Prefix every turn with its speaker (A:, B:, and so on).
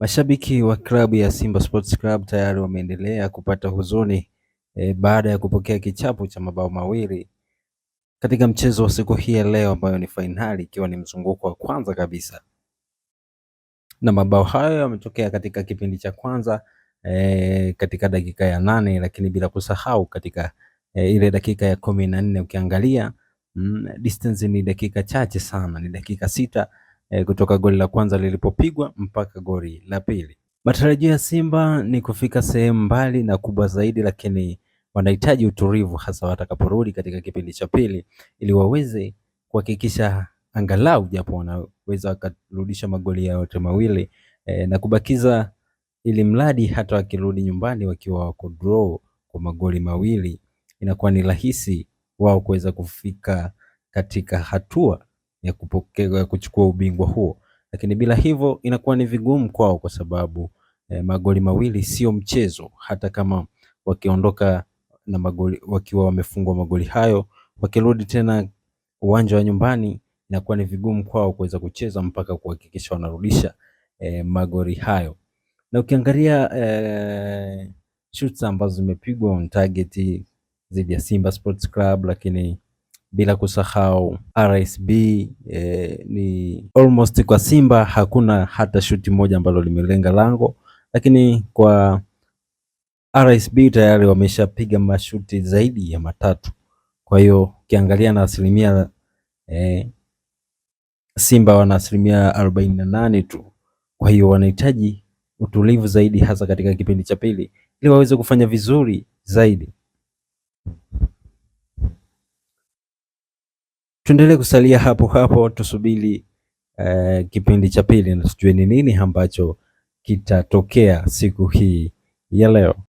A: Mashabiki wa klabu ya Simba Sports Club tayari wameendelea kupata huzuni e, baada ya kupokea kichapo cha mabao mawili katika mchezo wa siku hii ya leo ambayo ni fainali ikiwa ni mzunguko wa kwanza kabisa, na mabao hayo yametokea katika kipindi cha kwanza e, katika dakika ya nane, lakini bila kusahau katika e, ile dakika ya kumi na nne ukiangalia mm, distance ni dakika chache sana, ni dakika sita e, kutoka goli la kwanza lilipopigwa mpaka goli la pili. Matarajio ya Simba ni kufika sehemu mbali na kubwa zaidi, lakini wanahitaji utulivu, hasa watakaporudi katika kipindi cha pili, ili waweze kuhakikisha angalau japo wanaweza wakarudisha magoli yao yote mawili e, na kubakiza ili mradi hata wakirudi nyumbani wakiwa wako draw kwa magoli mawili inakuwa ni rahisi wao kuweza kufika katika hatua ya, kupokea, ya kuchukua ubingwa huo, lakini bila hivyo inakuwa ni vigumu kwao kwa sababu eh, magoli mawili sio mchezo, hata kama wakiondoka na magoli wakiwa wamefungwa magoli hayo, wakirudi tena uwanja wa nyumbani inakuwa ni vigumu kwao kuweza kucheza mpaka kuhakikisha wanarudisha eh, magoli hayo. Na ukiangalia eh, shoots ambazo zimepigwa on target dhidi ya Simba Sports Club, lakini bila kusahau RSB. Eh, ni almost kwa Simba hakuna hata shuti moja ambalo limelenga lango, lakini kwa RSB tayari wameshapiga mashuti zaidi ya matatu. Kwa hiyo ukiangalia na asilimia eh, Simba wana asilimia arobaini na nane tu. Kwa hiyo wanahitaji utulivu zaidi, hasa katika kipindi cha pili, ili waweze kufanya vizuri zaidi. tuendelee kusalia hapo hapo, tusubiri uh, eh, kipindi cha pili na tujue ni nini ambacho kitatokea siku hii ya leo.